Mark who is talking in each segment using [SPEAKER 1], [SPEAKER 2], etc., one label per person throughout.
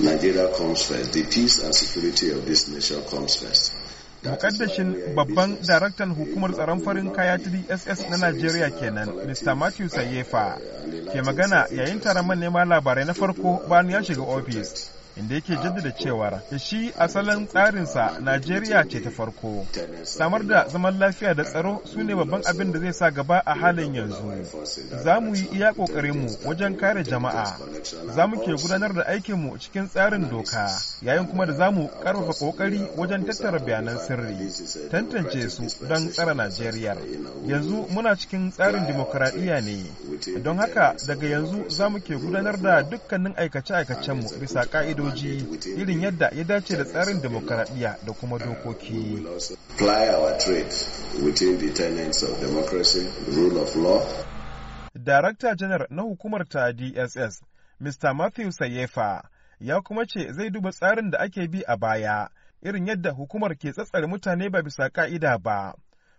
[SPEAKER 1] Nigeria comes first. The peace and security of this nation comes first. Mukaddashin babban daraktan hukumar tsaron farin kaya ta DSS na Najeriya kenan, Mr. Matthew Sayefa, ke magana yayin taron manema labarai na farko bayan ya shiga ofis. inda yake jaddada cewar shi asalin tsarinsa najeriya ce ta farko samar da zaman lafiya da tsaro su ne babban abin da zai sa gaba a halin yanzu za mu yi iya ƙoƙarinmu wajen kare jama'a za mu ke gudanar da aikinmu cikin tsarin doka yayin kuma da za mu ƙarfafa ƙoƙari wajen tattara bayanan sirri tantance su don tsara najeriya yanzu muna cikin tsarin dimokuraɗiyya ne don haka daga yanzu za mu ke gudanar da dukkanin aikace-aikacenmu bisa ƙa'ido ƙa'idoji irin yadda ya dace da tsarin demokaradiyya da kuma dokoki. Darakta janar na hukumar ta DSS, Mr. Matthew Sayefa, ya kuma ce zai duba tsarin da ake bi a baya, irin yadda hukumar ke tsatsar mutane ba bisa ƙa'ida ba.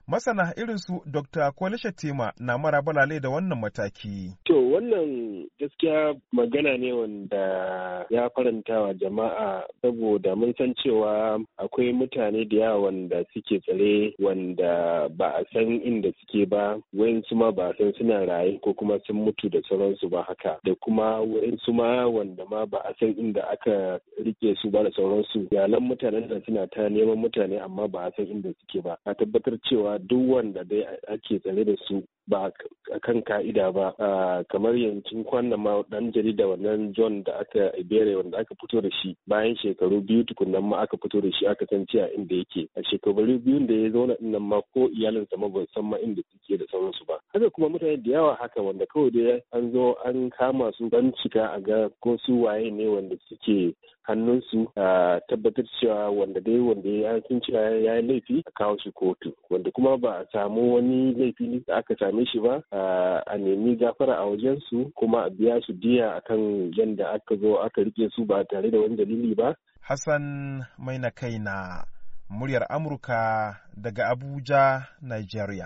[SPEAKER 1] Masana irin su Dr. Kwale tema na mara balale da wannan mataki.
[SPEAKER 2] To wannan gaskiya magana ne wanda ya faranta wa jama'a saboda mun san cewa akwai mutane da yawa wanda suke tsare wanda ba a san inda suke ba wayansu ma ba san suna raye ko kuma sun mutu da sauransu ba haka da kuma wayansu ma wanda ma ba a san inda aka rike su ba da sauransu. Yalan mutanen da suna ta neman mutane amma ba a san inda suke ba. A tabbatar cewa duk wanda dai ake tsare da su ba a kan ka'ida ba kamar yancin kwanan ma dan jarida wannan john da aka ibere wanda aka fito da shi bayan shekaru biyu tukunan ma aka fito da shi aka san a inda yake a shekaru biyun da ya zauna din nan ma ko iyalinsa ma ban san ma inda suke da sauransu ba haka kuma mutane da yawa haka wanda kawai dai an zo an kama su dan cika a ga ko su waye ne wanda suke hannunsu a tabbatar cewa wanda dai wanda ya sun cewa ya yi laifi a kawo shi kotu wanda kuma ba a samu wani laifi da aka same shi ba a nemi gafara a wajen su kuma a biya su diya akan yadda aka zo aka rike su ba tare da wani dalili ba.
[SPEAKER 1] Hassan mai na kai na muryar Amurka daga Abuja, Nigeria.